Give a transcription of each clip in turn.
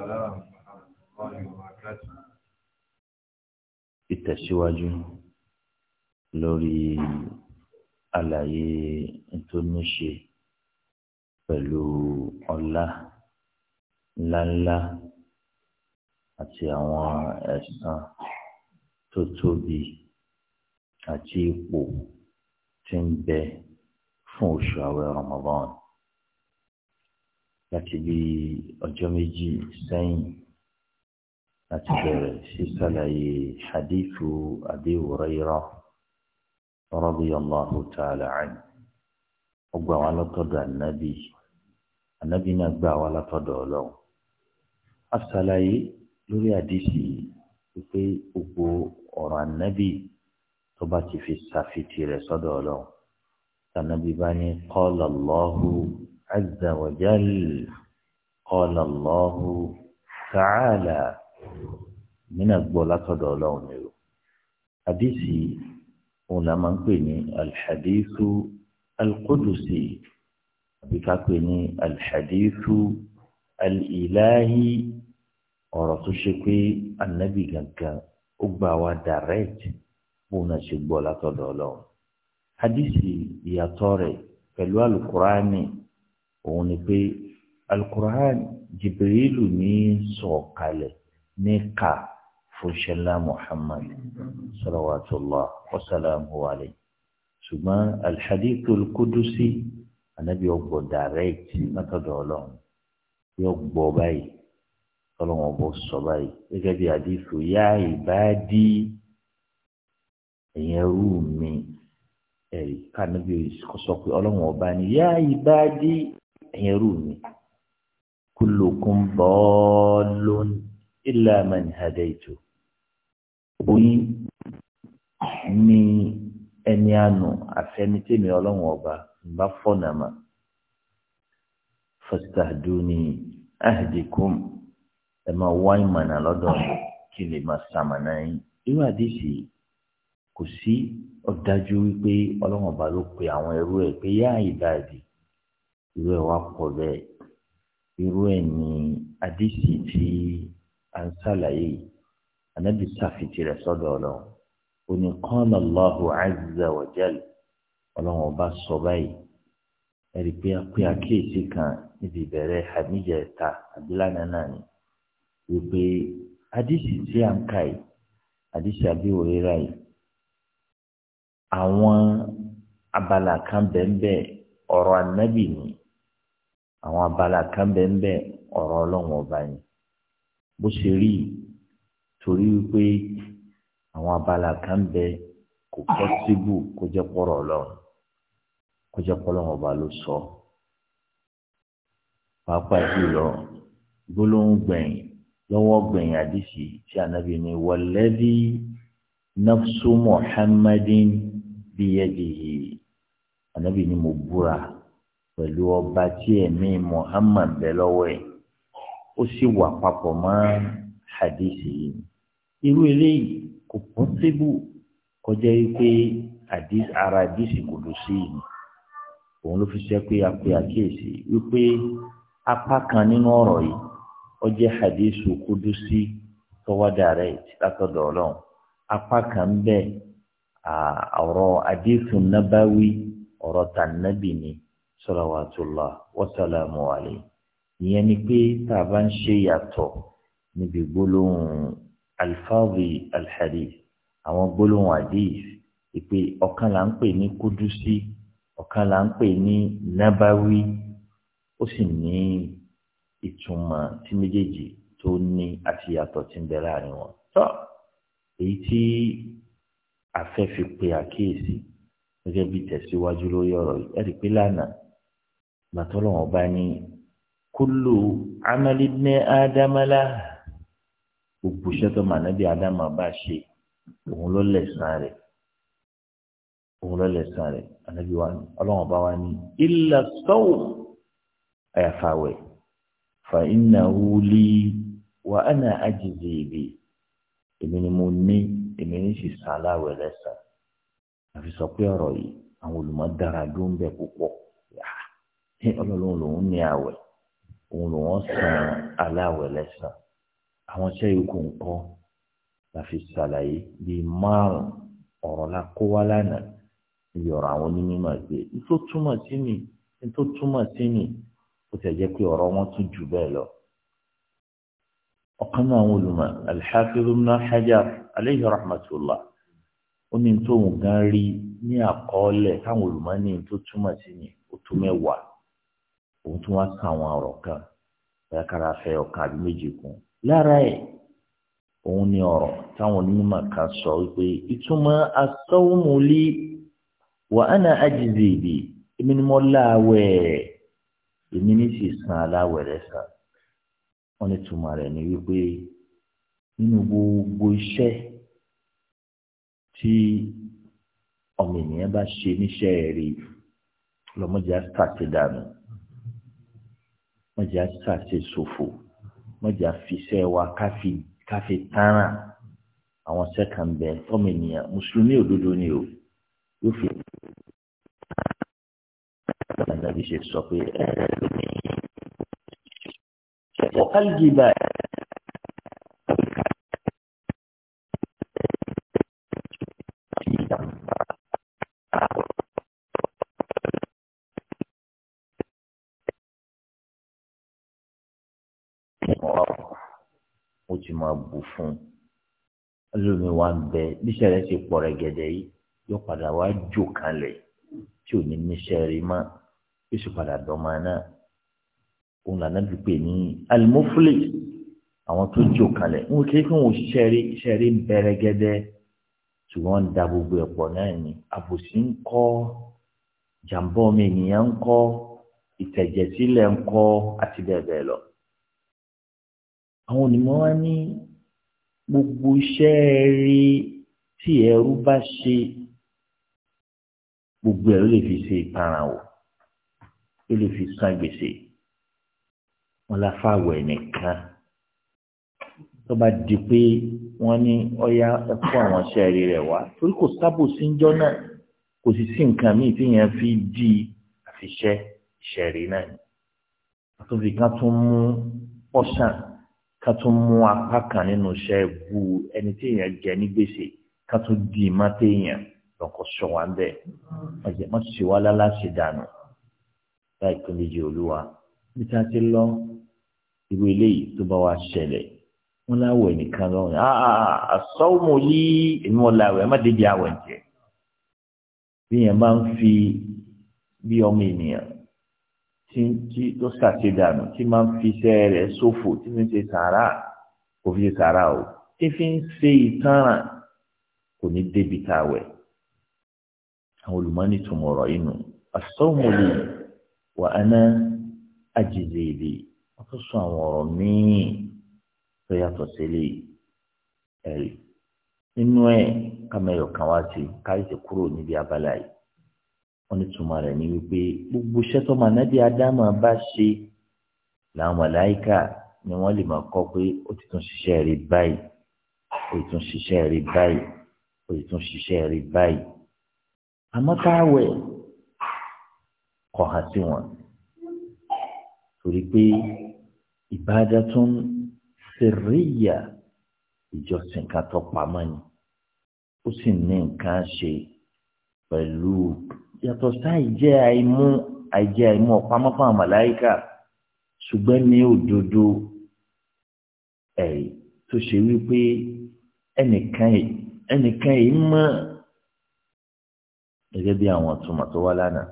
السلام ورحمة الله وبركاته ìtẹ̀síwájú lórí àlàyé tó ní ṣe pẹ̀lú ọlá ńláńlá àti àwọn ẹ̀san tó tóbi àti ipò tí ń bẹ fún oṣù àwẹ̀ Ramadan láti bí ọjọ́ méjì sẹ́yìn láti bẹ̀rẹ̀ sí sàlàyé hadithu Abi Hurairah radiyallahu ta'ala anhu ó gbà wá látọ̀dọ̀ ànábì ànábì náà gbà wá látọ̀dọ̀ ọlọ́run a sàlàyé lórí àdìsí wípé gbogbo ọ̀rọ̀ ànábì tó bá ti fi ṣàfitì rẹ̀ sọ́dọ̀ ọlọ́run ànábì bá ní qala Allahu. عز وجل قال الله تعالى من الضلات دولون حديثي ولما نقول الحديث القدسي بكاكو الحديث الإلهي ọ̀rọ̀ tó ṣe pé anabi gangan ó gbà wá direct bóun náà ṣe gbọ́ látọ̀dọ̀ ọlọ́run. hadisi ìyàtọ̀ rẹ̀ pẹ̀lú alukurani òun ni pé alukur'an jibrilu ní sọ̀kalẹ̀ ní ká fúnṣẹ́lá muhammad salawatullah wasalamu alayhi ṣùgbọ́n alhadithul kudusi anabi ọgbọ́ direct látọ̀dọ̀ ọlọ́run yóò gbọ́ báyìí ọlọ́run ọgbọ́ sọ báyìí gẹ́gẹ́ bí àdìsù yá ìbáàdí ẹ̀yẹn rú mi ẹ̀rí kánibí sọ pé ọlọ́run ọba ni yá ìbáàdí. ẹ̀yin rú mi kullukum bọ́ọ̀lùn illa man oyin ní ẹni àánú àfẹnitẹ́mi ọlọ́run ọba bá fọ́nà mà fastahduni ahdikum ẹ máa wá ìmọ̀nà lọ́dọ̀ kí lè máa sàmànà yín irú àdìsí kò sí ọ̀dájú wípé ọlọ́run ọba pe àwọn ẹrú ẹ̀ pé ruo ya wa kpọrọ ya eji ruo ya nye adizihi anabi taa fitiri ọsọ dọla onye nkwonye alahu azizu wa jala ọlọrọ ọba sọba ya pe kpụ ya kpụ ya kee ndị nkan ndị bara hama ije ta adịla anyanwụ anka ha adizihi abi ghọrọ ịra ya awọn abalị aka bụ anabi ni àwọn abala kan bẹ́ẹ̀ ọ̀rọ̀ ọlọ́run ọba yẹn bó ṣe rí torí wípé àwọn abala kan bẹ́ẹ̀ kò pọ́síbù kó jẹ́ pọ́rọ̀ ọlọ́run kó jẹ́ pọ́rọ̀ ọba ló sọ pàápàá jùlọ gbólóhùn gbẹ̀yìn lọ́wọ́ gbẹ̀yìn àdìsí tí ànábì ní wọ̀lẹ́bí nafsu muhammadin biyadihi ànábì ní mo búra. pẹ̀lú ọba tí ẹ̀mí Muhammad bẹ lọ́wọ́ ẹ̀ ó sì wà papọ̀ mọ́ hadisi yìí irú eléyìí kò pọ́ńtébù kọjá ara hadisi kò lọ sí yìí òun ló fi ṣe pé a pe àkíyèsí wípé apá kan nínú ọ̀rọ̀ yìí ó jẹ́ kudusi tọwọ́ dàrẹ́ látọ̀dọ̀ ọlọ́run apá kan ń bẹ ọ̀rọ̀ hadisi nabawi ọ̀rọ̀ tànàbì salawatullah wa salamu alayhi ìyẹn ni pé tá a bá ń ṣe yàtọ̀ níbi gbólóhùn alfáàbì alhadith àwọn gbólóhùn hadith ìpè ọ̀kan là ń pè ní kúdúsí ọ̀kan là ń pè ní nábáwí ó sì ní ìtumọ̀ tí méjèèjì tó ní àti yàtọ̀ tí ń bẹ láàrin wọn. tọ́ èyí tí a fi pe àkíyèsí gẹ́gẹ́ bí tẹ̀síwájú lórí ọ̀rọ̀ yìí ẹ̀rí pé lánàá gbàtọ́lọ́wọ́n bá ní kúlù amẹ́lí ní ádámẹ́lá gbogbo iṣẹ́ tó máa nábì ádámà bá ṣe òun ló lẹ̀san rẹ̀ òun ló lẹ̀san rẹ̀ ànábì wa ọlọ́wọ́n bá wa ní ilà sọ́wọ́ àyàfàwẹ̀ fa innahu li wa ana ajzi bi èmi ni mo ní èmi ní sì sàláwẹ̀ lẹ́san àfi sọ pé ọ̀rọ̀ yìí àwọn olùmọ̀ dára ló ń bẹ púpọ̀ ọlọ́run lòun ní àwẹ̀ òun lòun san aláwẹ̀ lẹ́sàn àwọn iṣẹ́ yòókù ńkọ́ la fi ṣàlàyé bíi márùn ọ̀rọ̀ la kó wá lánàá ìyọ̀rọ̀ àwọn onímọ̀ gbé tó túmọ̀ sí mi tó túmọ̀ sí mi ó tẹ̀ jẹ́ pé ọ̀rọ̀ wọn tún jù bẹ́ẹ̀ lọ. ọ̀kan náà àwọn olùmọ̀ al Hajar aleyhi rahmatullah ó ní tóun gan rí ní àkọọ́lẹ̀ táwọn olùmọ̀ ní tó túmọ̀ sí mi ó tó mẹ́wàá. òun tún wá ka àwọn ọ̀rọ̀ kan bóyá kára fẹ́ ọ̀kan àbí méjì kún lára ẹ̀ òun ni ọ̀rọ̀ táwọn onímọ̀ kan sọ wípé ìtumọ̀ asọ́wọ́mọlé wà á na ajíze ìdè èmi ni mo láwẹ̀ èmi ní sì san aláwẹ̀ rẹ̀ sàn wọ́n ní rẹ̀ ni wípé nínú gbogbo iṣẹ́ tí ọmọ ènìyàn bá ṣe níṣẹ́ rí lọ́mọdé á sàtẹ̀dánù. mọ̀jà sàṣe ṣòfò mọ̀jà fiṣẹ́ wa káfí káfí tánà àwọn sẹ́kàn bẹ ọmọ ènìyàn mùsùlùmí òdodo ni o yóò fi ọ̀nà sọ pé ẹ̀ẹ́dẹ́gbẹ̀rún ọ̀kálùjì báyìí. ìfọ̀rọ̀ ó ti máa bù fún un ẹlòmíín wá ń bẹ níṣẹ́ rẹ̀ ti pọ̀ rẹ̀ gẹ̀dẹ̀ yìí yóò padà wá jò kalẹ̀ tí ò ní níṣẹ́ rí mọ́ yóò sì padà dọ́mọ náà òun làná fi pè ní alimofule àwọn tó jò kalẹ̀ ń kí fún òun ṣiṣẹ́ rí iṣẹ́ rí bẹ̀rẹ̀ gẹ́dẹ́ ṣùgbọ́n ń da gbogbo ẹ̀pọ̀ náà ni àbòsí ń kọ́ jàǹbọ́ mi ènìyàn ń kọ́ ìtẹ̀jẹ̀sílẹ̀ ń kọ́ àti bẹ́ẹ̀ bẹ́ẹ̀ lọ àwọn onímọ̀ wa ní gbogbo iṣẹ́ rí tí ẹrú bá ṣe gbogbo ẹ̀ ló lè fi ṣe ìparun o ló lè fi san gbèsè wọn la fáwọ̀ ẹ̀nìkan tó bá di pé wọ́n ní ọ̀yá ẹ̀kọ́ àwọn iṣẹ́ rí rẹ̀ wá torí kò sábò sí ń jọ́ náà kò sì sí nǹkan míì tí yẹn fi di àfiṣẹ́ ìṣẹ̀rí náà àtúnfi kan tún mú pọ́ṣán ká tún mú apá kan nínú iṣẹ́ ewu ẹni tí èèyàn jẹ ní gbèsè ká tún di ìmá téèyàn lọ́kọ̀ sọ wá ń bẹ̀ ọ̀jẹ̀ má ṣe wá lálá ṣe dànù láì tó méjì olúwa bí tá a ti lọ irú eléyìí tó bá wa ṣẹlẹ̀ wọn láwẹ̀ nìkan lọ́rùn àsọ́wọ́mọ yìí èmi wọn láwẹ̀ má débi àwẹ̀ jẹ bí yẹn bá ń fi bí ọmọ ènìyàn tí tí tó ṣàṣedànù tí máa ń fi iṣẹ́ rẹ̀ ṣòfò tí fi ń ṣe sàárà kò fi ṣe sàárà o tí fi ń ṣe ìtanràn kò ní débi tá a wẹ̀. àwọn olùmọ́ni tún inú asọ́mọlì wà á ná àjèjèlè wọ́n tún sọ àwọn ọ̀rọ̀ míì tó yàtọ̀ sílé ẹ̀rí nínú ẹ̀ kàmẹ́yọ̀ kan wá sí káyọ̀ kúrò níbi abala yìí wọ́n ní túmọ̀ rẹ̀ ní wípé gbogbo iṣẹ́ tó máa nábì ádámà bá ṣe làwọn màláìkà ni wọ́n lè máa kọ́ pé ó ti tún ṣiṣẹ́ rí báyìí ó ti tún ṣiṣẹ́ rí báyìí ó ti tún ṣiṣẹ́ rí báyìí àmọ́ káwẹ̀ kọ̀ hàn sí wọn torí pé ibadatun sirriya ìjọsìn kan tó pamọ́ ni ó sì ní nǹkan ṣe pẹ̀lú yàtọ̀ sáì jẹ́ àìmú àìjẹ́ àìmú ọ̀pamọ́ fún àmàláyíkà ṣùgbọ́n ní òdodo ẹ̀ tó ṣe wípé ẹnìkan yìí mọ̀ gẹ́gẹ́ bí àwọn ọ̀túnmọ̀ tó wá lánàá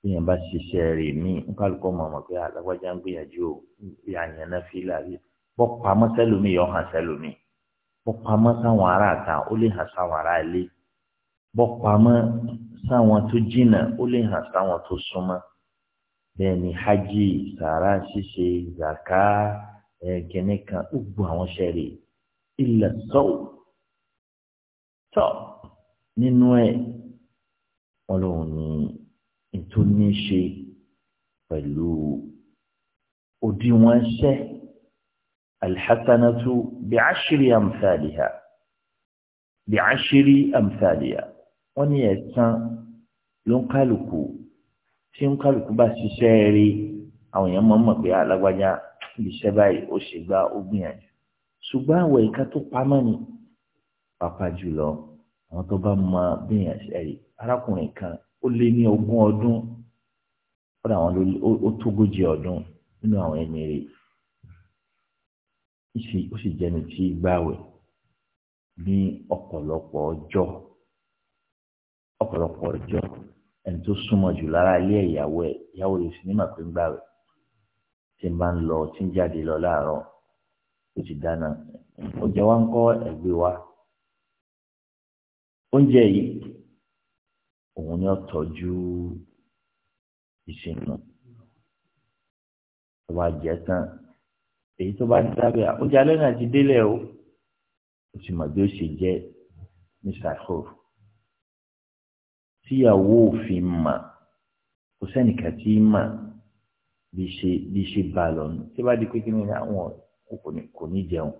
bíyàn bá ṣiṣẹ́ rẹ̀ ní nkálukọ́ mọ̀mọ́ pé alágbájá ń gbìyànjú o bí náà fi láàyè bọ́ pamọ́ sẹ́lómi yọ̀ hàn sẹ́lómi bọ́ pamọ́ sáwọn ó lè hàn sáwọn bọ́ pamọ́ sáwọn tó jìnnà ó lè hàn sáwọn tó súnmọ́ bẹ́ẹ̀ ni hajj sàrà ṣíṣe zaka ẹ̀ẹ́dẹ́gẹ́ni kan ó gbọ́ àwọn ṣẹ̀rí ilẹ̀ sọ́ọ̀ tọ́ nínú ẹ̀ wọ́n lòun ní ètò ní ṣe pẹ̀lú òdiwọ̀n ṣẹ́ alḥasanatu bi'ashri amthaliha bi'ashri amthaliha wọ́n ní ẹ̀san ló ń kálukú tí ń kálukú bá ṣiṣẹ́ rí àwọn èèyàn máa ń mọ̀ pé alágbájá iṣẹ́ báyìí ó ṣe gbá ó gbìyànjú ṣùgbọ́n àwọn ìka tó pamọ́ ni pàápàá jùlọ àwọn tó bá mọ bíyàn ṣẹ́rí arákùnrin kan ó lé ní ogún ọdún fúnra àwọn ó tógójì ọdún nínú àwọn ẹni rè ó sì jẹ́ni tí gbàwẹ̀ ní ọ̀pọ̀lọpọ̀ ọjọ́ ọ̀pọ̀lọpọ̀ ọjọ́ ẹni tó súnmọ́ jù lára ilé ìyàwó ẹ̀ ìyàwó yìí sì ní màpé ń gbà rẹ̀ tí ń bá ń lọ tí ń jáde lọ láàárọ̀ ó ti dáná ọjọ́ wa ń kọ́ ẹ̀gbẹ́ wa oúnjẹ yìí òun ni ó tọ́jú ìṣìnà tó bá jẹ tán èyí tó bá dábẹ́ oúnjẹ alẹ́ náà ti délẹ̀ o ó sì mọ̀ bí ó ṣe jẹ́ ní sàkóso tíyàwó òfin mà kò sẹ́nìkan tí mà bí ṣe bí ṣe bá lọ nù tí bá di pé kí ni àwọn kò ní jẹun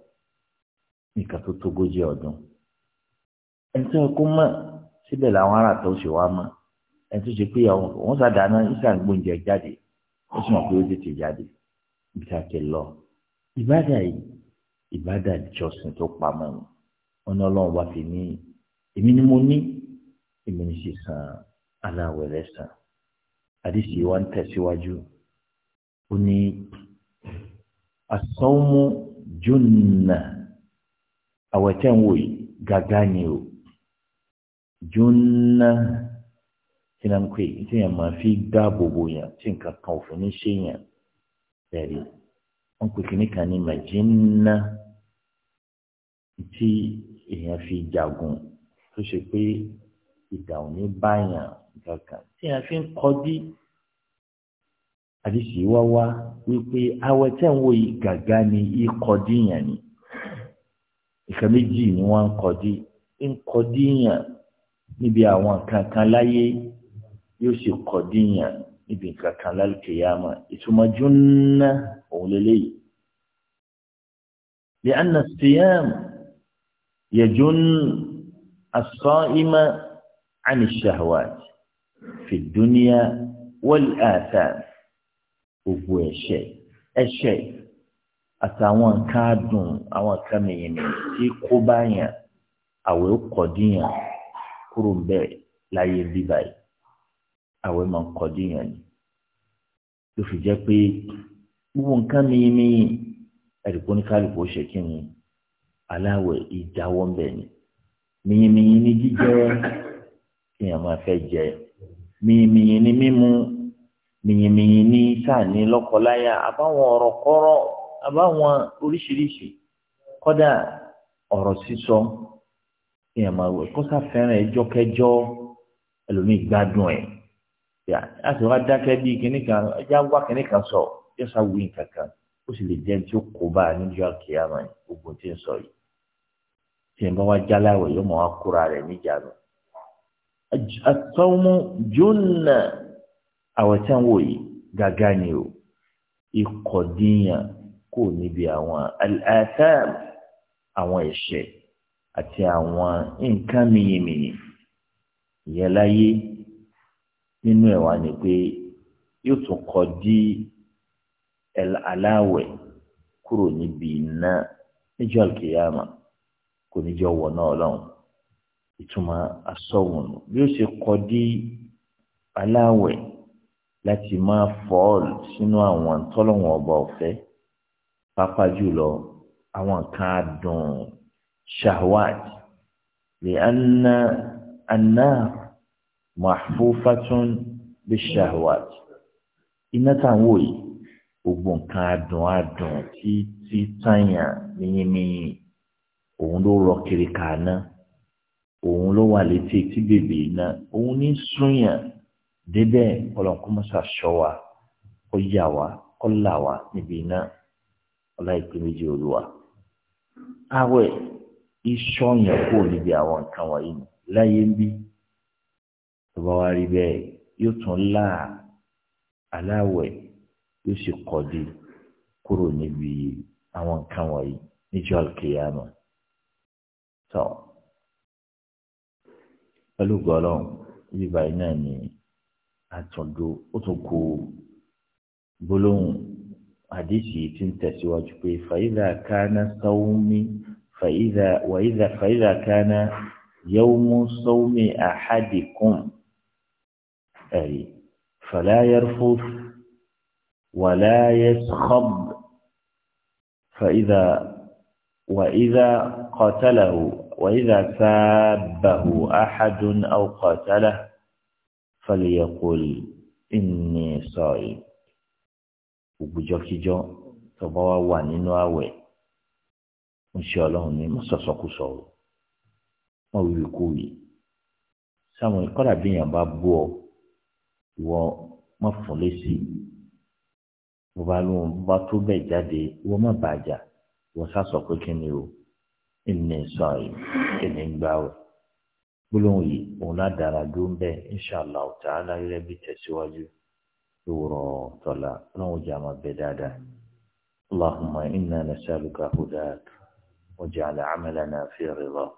nìkan tó tógójì ọdún ẹni tó yẹ kó mọ̀ síbẹ̀ làwọn ará tó ṣe wá mọ̀ ẹni tó ṣe pé àwọn wọn ṣàdáná ìṣàn gbóúnjẹ jáde ó sì mọ̀ pé ó tètè jáde ibi tá a ti lọ ìbádà yìí ìbádà ìjọsìn tó pamọ́ ni wọn ní ọlọ́run wá fi ní èmi ni mo ní èmi ní sì san aláwẹ̀ lẹ́sàn. àdìsí wa ń tẹ̀síwájú ó ní asọ́mú júnà àwẹ̀tẹ̀ ń wò yìí gàgá ni o júnà tí na ń pè tí yẹn máa fi dáàbò bò yẹn tí nǹkan kan ò ní ṣe yẹn bẹ́ẹ̀ni wọ́n pè kí nìkan ní màjínà tí èèyàn fi jagun tó ṣe pé ìdà ò ní báyàn kankan tí a fi ń kọjú àdìsí wá wá wípé awẹ tẹ́ ń wo yìí gàgá ni ìkọjú yàn ni ìkan méjì ni wọ́n ń kọjú ń kọjú yàn níbi àwọn kankan láyé yóò sì kọjú yàn níbi kankan lálùkìyàmà ìtumọ̀ júnà òun lélẹ́yìí. لأن الصيام يجن الصائم عن الشهوات في الدنيا والآثار gbogbo ẹ̀ṣẹ̀ ẹ̀ṣẹ̀ àtàwọn nǹkan adùn àwọn nǹkan mìíràn tí kó bá yàn àwẹ̀ kọdíyàn kúrò bẹ́ẹ̀ láyé bíbá yìí àwẹ̀ máa kọdíyàn ni ló fi jẹ́ pé gbogbo nǹkan mìíràn ẹ̀rìkó ní kálukú ó ṣe kí ni aláwẹ̀ ìdáwọ́ bẹ́ẹ̀ ni mìíràn ní jíjẹ́ kí èèyàn máa fẹ́ jẹ mìyìnmìyìn ni mímu mìyìnmìyìn ni káàní lọ́kọláya àbáwọn ọ̀rọ̀ kọ́rọ̀ àbáwọn oríṣiríṣi kódà ọ̀rọ̀ sísọ kí èèyàn máa wẹ̀ kọ́sà fẹ́ràn ẹjọ́ kẹjọ́ ẹlòmíì gbádùn ẹ̀ yà á sì wá dákẹ́ bíi kìnnì kan ẹjẹ́ á wá kìnnì kan sọ yóò sá wí nǹkan kan ó sì lè jẹ́ tí ó kó bá a níjọ́ àkèyàmọ̀ ogun tí ń sọ yìí tí ẹ̀ bá wá jáláwẹ̀ yóò máa wá kóra rẹ̀ níjànú àtọ́mú jónà àwẹ̀ tí wọ́n wò yìí gàgà ni o ikọ̀ díyàn kò níbi àwọn àtàm àwọn ẹ̀ṣẹ̀ àti àwọn nǹkan mìyìnmìyì ìyẹn láyé nínú ẹ̀ wá ni pé yóò tún kọ́ dí aláwẹ̀ kúrò níbi iná níjọ́ àlùkìyàmà kò níjọ́ wọ̀ náà lọ́hùn ìtumọ̀ asọ́wọ̀n bí ó ṣe kọ́ dé aláwẹ̀ láti máa fọ́ọ̀lù sínú àwọn tọ́lọ̀wọ̀n ọba ọ̀fẹ́ pápá jùlọ àwọn kan dùn shahwat lè anna anna mahfufatun bí shahwat iná táwọn yìí gbogbo nǹkan adùn adùn tí tí tàyàn níyìnníyìn òun ló rọ kiri kàánà òun ló wà létí tí bèbè náà òun ní súnyàn débẹ̀ ọlọ́nkọ́mọ́sá sọ wa ó yà wá ó là wá níbi náà ọláìpé méjì olúwa. àwẹ̀ ìṣọ̀yàn kò níbi àwọn nǹkan wọ̀nyí ni láyé ń bí tó bá wá rí bẹ́ẹ̀ yóò tún là aláwẹ̀ yóò sì kọ́ kúrò níbi àwọn nǹkan wọ̀nyí níjọ́ àlùkìyàmọ̀ pẹ̀lú gọ́lọ́n ibi báyìí náà ni àtọ̀dọ̀ ó tún kó gbólóhùn àdìsí tí ń tẹ̀síwájú pé fàyídà kánà sọ́wọ́mí fàyídà wàyídà fàyídà kánà yẹ́wọ́mú sọ́wọ́mí àhádìkùn ẹ̀rí fàlàyẹ̀rfó wàlàyẹ̀sọ́b fàyídà wàyídà kọ́tàlàwò. وإذا سابه أحد أو قاتله فليقل إني صائم ògbójọ́kíjọ́ tọba wa wà nínú àwẹ̀ ń ṣe ọlọ́run ní mọ́sọ̀sọ́kùsọ o wọ́n wí kú yìí sáwọn ìkọ́lá bí èèyàn bá bú ọ ìwọ má fún lésì bó bá lóun bó bá tó bẹ̀ jáde ìwọ má bàjá ìwọ sá sọ pé kí ni o. النسائي كنينباو بلوني ونا دارا دوم بي إن شاء الله تعالى يربي تسواجو دورو طلا نو جامع بدادا اللهم إنا نسألك هداك وجعل عملنا في رضاك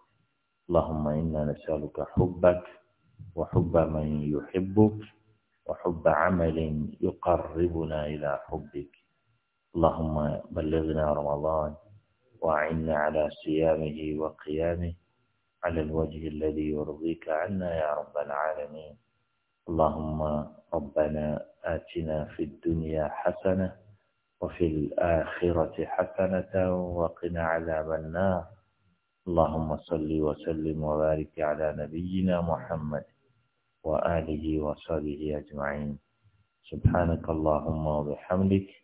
اللهم إنا نسألك حبك وحب من يحبك وحب عمل يقربنا إلى حبك اللهم بلغنا رمضان وعنا على صيامه وقيامه على الوجه الذي يرضيك عنا يا رب العالمين اللهم ربنا آتنا في الدنيا حسنة وفي الآخرة حسنة وقنا عذاب النار اللهم صل وسلم وبارك على نبينا محمد وآله وصحبه أجمعين سبحانك اللهم وبحمدك